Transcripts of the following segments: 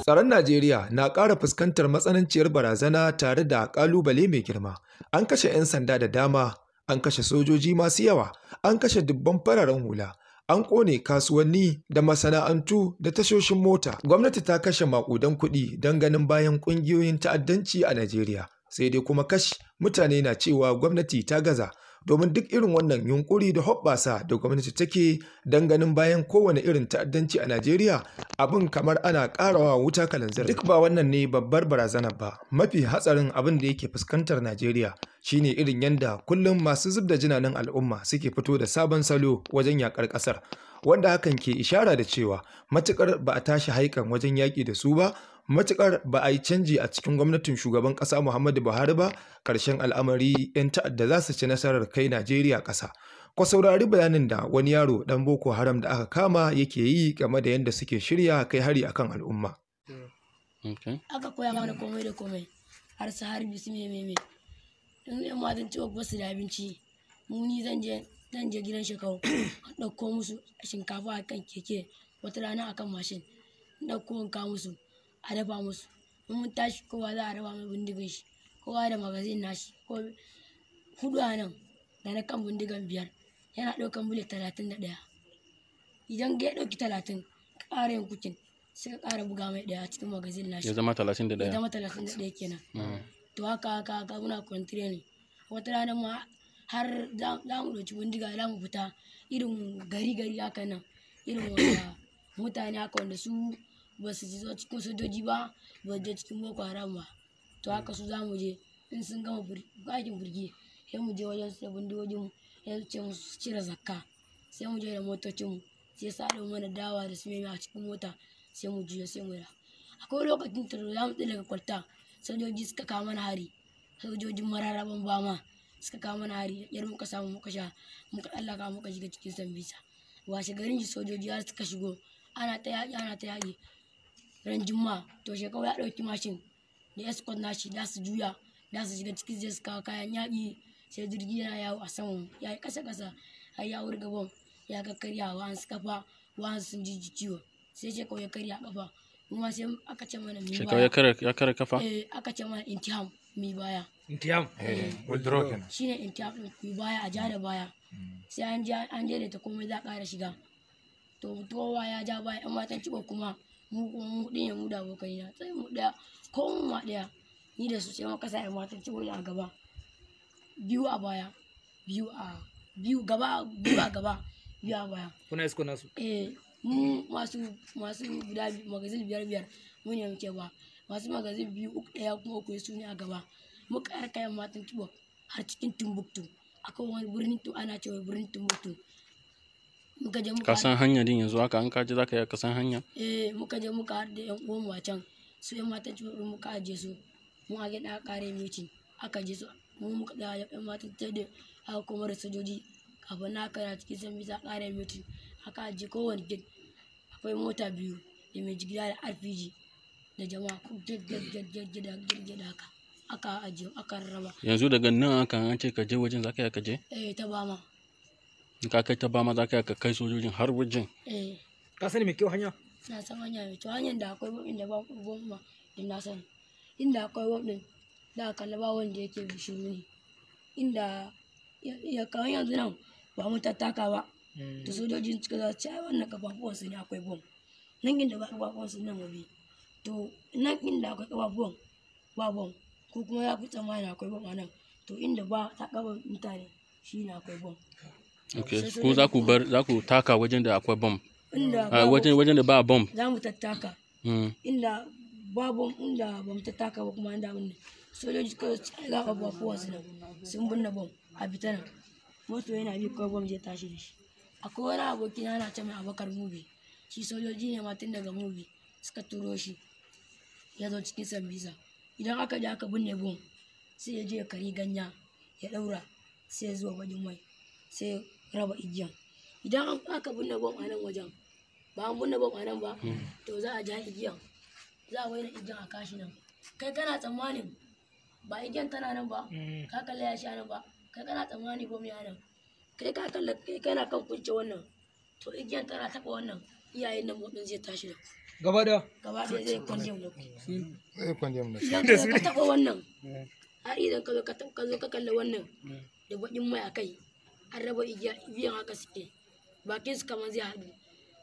Tsaron Najeriya na ƙara fuskantar matsananciyar barazana tare da ƙalubale mai girma. An kashe 'yan sanda da dama, an kashe sojoji masu yawa, an kashe dubban fararen hula, an ƙone kasuwanni da masana'antu da tashoshin mota. Gwamnati ta kashe maƙudan kuɗi don ganin bayan ƙungiyoyin ta'addanci a Najeriya. Sai dai kuma kashi mutane na cewa gwamnati ta gaza domin duk irin wannan yunkuri da hoɓɓasa da gwamnati take don ganin bayan kowane irin ta'addanci a Najeriya abin kamar ana ƙarawa wuta kalanzir. Duk ba wannan ne babbar barazana ba, mafi hatsarin abin da yake fuskantar Najeriya shine irin yanda kullum masu zub da jinanin al'umma suke fito da sabon salo wajen yakar ƙasar, wanda hakan ke ishara da cewa matuƙar ba a tashi haikan wajen yaƙi da su ba, matukar ba a yi canji a cikin gwamnatin shugaban kasa Muhammadu Buhari ba karshen al'amari 'yan ta'adda za su ci nasarar kai Najeriya kasa Ku saurari bayanin da wani yaro dan Boko Haram da aka kama yake yi game da yadda suke shirya kai hari akan al'umma. Aka koya mana komai da komai har su harbi su me in yan ma zan ci ba su da abinci mu ni zan je zan je gidan shekau ɗauko musu shinkafa akan keke wata rana akan mashin ɗauko in musu a dafa musu in mun tashi kowa za a raba mai bindigan shi kowa da magazin nashi ko hudu a nan da na kan bindigan biyar yana ɗaukan bule talatin da ɗaya idan ga ya ɗauki talatin ƙara yin kucin sai ka ƙara buga mai ɗaya cikin magazin nashi ya zama talatin da ɗaya ya zama talatin da ɗaya kenan mm. to haka haka haka muna kwantire ne wata rana ma har za mu ɗauki bindiga za mu fita irin gari gari haka nan irin wanda mutane haka wanda su ba su ji cikin sojoji ba ba su ji cikin boko haram ba to haka su za mu je in sun gama aikin birgi sai mu je wajen sai bindojin sai ce mu su cire zakka sai mu je da motocin mu sai sa da mana dawa da su a cikin mota sai mu juya sai mu da akwai lokacin taro za mu tsira daga kwalta sojoji suka kawo mana hari sojojin mararaban ma suka kawo mana hari yar muka samu muka sha muka tsallaka muka shiga cikin sambisa washe garin sojoji har suka shigo ana ta yaƙi ana ta yaƙi ran juma'a to shekau ya ɗauki mashin da escort nashi da su juya da su shiga cikin zai su kawo kayan yaƙi sai jirgi yana yawo a saman ya yi ƙasa ƙasa har ya wurga bom ya ga karya wa an su kafa wa an sun ji ciwo sai shekau ya karya kafa kuma sai aka ce mana mi baya ya karya kafa eh aka ce mana intiham mi baya intiham eh withdraw kenan shine intiham mi baya a ja da baya hmm. sai an je an je da ta komai za a ƙara shiga to kowa ya ja baya yan matan cibo kuma mu kuma mu ɗaya mu da abokai na sai mu ɗaya ko mu ma ɗaya ni da su sai muka sa matan ci a gaba biyu a baya biyu a biyu gaba biyu a gaba biyu a baya kuna isko nasu eh mu masu masu guda magazin biyar biyar mun ne muke ba masu magazin biyu uku ɗaya kuma uku su ne a gaba muka yarka yan matan ci har cikin Timbuktu akan wani birnin ana cewa birnin Timbuktu muka ka san hanya din yanzu haka an kaji zaka yi ka san hanya eh muka je muka har da yan uwan mu can su yan matan cikin muka aje su mu a da kare miti aka je su mu muka da yan mata ta da aka kuma da sojoji kafin na kara cikin san bisa kare miti aka aje kowane gid akwai mota biyu da mai jigila da rpg da jama'a ku gid aka aka raba yanzu daga nan aka an ce ka je wajen zaka yi ka je eh ta bama ka kai ta bama za ka ka kai sojojin har wajen eh. ka sani mai kyau hanya na san hanya mai kyau hanyar da akwai wabin da ba goma din na sani inda akwai wabin da aka laba wanda yake bishiru ne inda ya kawo yanzu nan ba mu tattaka ba hmm. da sojojin suka za ci wannan kafafuwan su ne akwai bom nan inda ba kafafuwan su nan wabi to nan inda akwai kafafuwan ba bom ko kuma ya fi tsammani akwai bom a nan to inda ba ta kaba mutane shi ne akwai bom okay ko za ku bar za ku taka wajen da akwai bomb ah, wajen wajen da ba bomb za mu tattaka hmm. inda ba bomb inda ba mu tattaka ba kuma inda mun sojoji kawai suka ga abuwa ko wasu nan sun binne bomb a bitana moto yana bi ko bomb zai tashi da shi akwai wani aboki na ana ce mai abakar mubi shi sojoji ne ma tun daga mubi suka turo shi ya zo cikin sambisa idan aka je aka binne bomb sai ya je ya kari ganya ya daura sai ya zuwa wajen mai sai raba igiyan idan an aka binne bom a nan wajen ba an binne bom a nan ba hmm. to za a ja igiyan za a waina igiyan a kashi nan kai kana tsammanin ba igiyan tana nan ba hmm. ka kalle ya sha nan ba kai kana tsammani bom ya nan kai ka kalle kai kana kan kunce wannan to igiyan tana taba wannan iyayen nan motsin zai tashi nan gaba da gaba da zai kwanje mu zai kwanje mu idan ka taba wannan har idan ka zo ka kalla wannan hmm. da bakin mai akai an raba igiya igiyan haka suke bakin su kamar zai haɗu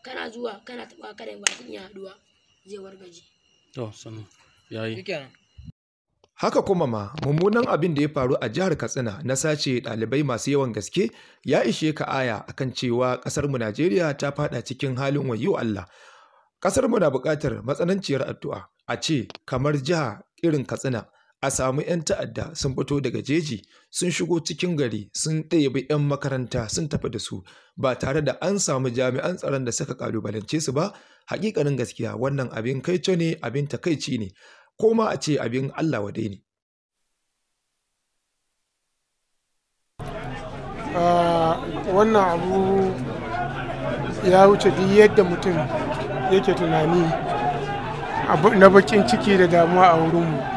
kana zuwa kana taɓa kada bakin ya haɗuwa zai wargaje to sanu yayi Haka kuma ma mummunan abin da ya faru a jihar Katsina na sace ɗalibai masu yawan gaske ya ishe ka aya akan cewa ƙasarmu Najeriya ta faɗa cikin halin wayo Allah. Ƙasarmu na buƙatar matsananciyar addu'a a ce kamar jiha irin Katsina a samu 'yan ta'adda sun fito daga jeji sun shigo cikin gari sun ɗebi 'yan makaranta sun tafi da su ba tare da an samu jami'an tsaron da suka kalubalance su ba hakikanin gaskiya wannan abin kaico ne abin takaici ne ko ma a ce abin allah wadai ne ah, wannan abu ya wuce duk yadda mutum yake tunani na bakin ciki da damuwa a wurinmu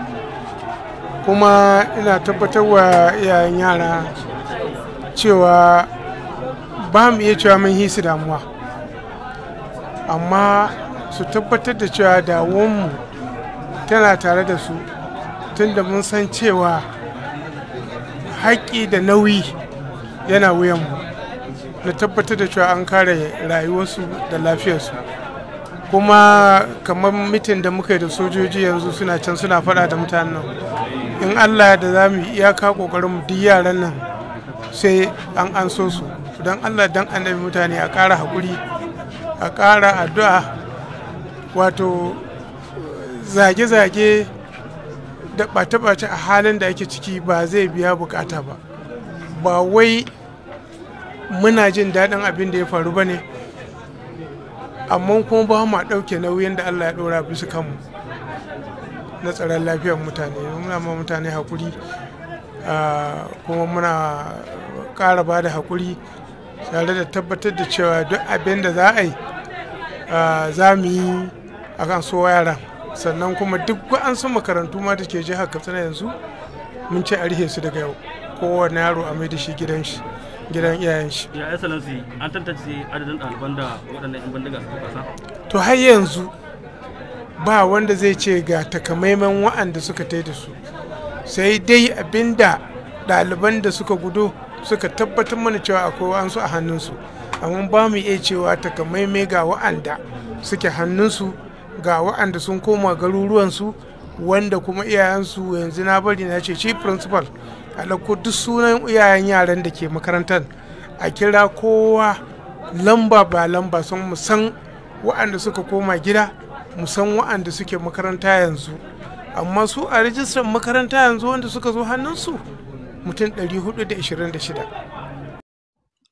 kuma ina tabbatar wa iyayen yara cewa ba mu iya cewa mun hisi damuwa amma su tabbatar da cewa damuwanmu tana tare da su tunda mun san cewa haƙƙi da nauyi yana wuyanmu na tabbatar da cewa an kare rayuwarsu da lafiyarsu kuma kamar mitin da muka yi da sojoji yanzu suna can suna faɗa da mutanen in allah da za mu iyaka kokarin mu duk yaran nan sai an an so su don allah don annabi mutane a ƙara haƙuri a ƙara addu'a wato zage-zage da ɓace-ɓace a halin da ake ciki ba zai biya bukata ba ba wai muna jin daɗin abin da ya faru ba ne amma kuma ba a ɗauke nauyin da allah ya ɗora bisu kanmu na tsaron lafiyar mutane muna ma mutane hakuri kuma muna ƙara ba da hakuri tare da tabbatar da cewa duk abin da za a yi za mu yi a kan so yaran sannan kuma duk wa'ansu makarantu ma da ke jihar katsina yanzu mun ce a rihe su daga yau kowane yaro a mai da shi gidan shi gidan iyayen shi ya excellency an tantance adadin ɗaliban da waɗannan 'yan bandiga suka kasa to har yanzu ba wanda zai ce ga takamaiman wa'anda suka tai da su sai dai abinda ɗaliban da suka gudu suka tabbatar mana cewa akwai wa'ansu a hannunsu amma ba mu iya cewa takamaimai ga wa'anda suke hannunsu ga wa'anda sun koma garuruwansu wanda kuma iyayensu yanzu na bari na ce chief principal a duk sunan iyayen yaran da ke makarantar a kira kowa lamba ba lamba sun musan wa'anda suka koma gida musan wa'anda suke makaranta yanzu amma su a rijistar makaranta yanzu wanda suka zo hannunsu mutum 426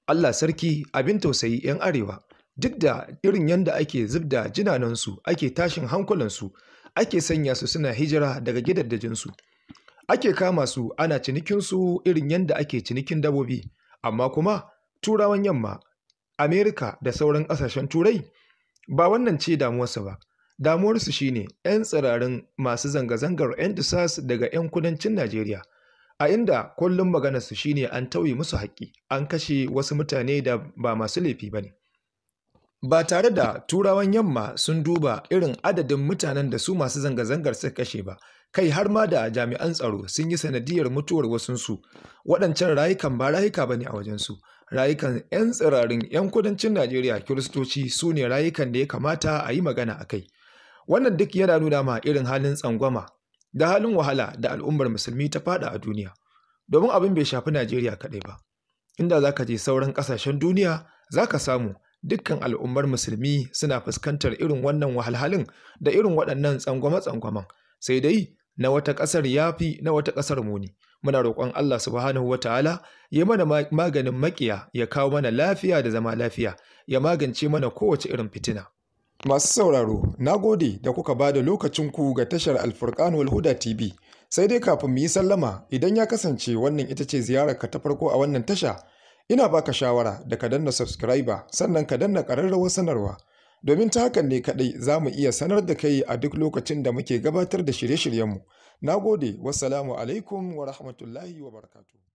Allah sarki abin tausayi 'yan arewa duk da irin yadda ake zubda jinanansu ake tashin hankulansu ake sanya su suna hijira daga gidaddajinsu ake kama su ana cinikinsu irin yadda ake cinikin dabobi amma kuma turawan yamma amerika da sauran ƙasashen turai ba wannan ce damuwarsa ba Damuwarsu shi ne 'yan tsirarin masu zanga-zangar ‘yan-disas daga ‘yan kudancin Najeriya, a inda kullum maganarsu shi ne an tauye musu haƙƙi, an kashe wasu mutane da ba masu laifi ba ne, ba tare da Turawan Yamma sun duba irin adadin mutanen da su masu zanga-zangar suka kashe ba, kai har ma da jami'an tsaro sun yi sanadiyyar mutuwar wasunsu, waɗancan rayukan ba rayuka ba ne a wajensu. rayukan 'yan tsirarin 'yan kudancin Najeriya Kiristoci su ne rayukan da ya kamata a yi magana a kai. wannan duk yana nuna ma irin halin tsangwama da halin wahala da al'ummar musulmi ta fada a duniya domin abin bai shafi najeriya kaɗai ba inda zaka je sauran ƙasashen duniya zaka samu dukkan al'ummar musulmi suna fuskantar irin wannan wahalhalin da irin waɗannan tsangwama-tsangwaman sai dai na wata ƙasar yafi na wata ƙasar muni muna roƙon Allah subhanahu wa ta'ala ya mana maganin makiya ya kawo mana lafiya da zama lafiya ya magance mana kowace irin fitina Masu sauraro, na gode da kuka ba da lokacinku ga tashar Alfurkan Huda TV. Sai dai kafin mu yi sallama, idan ya kasance wannan ita ce ziyararka ta farko a wannan tasha, ina baka shawara da ka danna subscriber sannan ka danna ƙararrawar sanarwa. Domin ta hakan ne kaɗai za mu iya sanar da kai a duk lokacin da muke gabatar da shirye-shiryenmu. Na gode, wassalamu alaikum wa rahmatullahi wa barakatuh.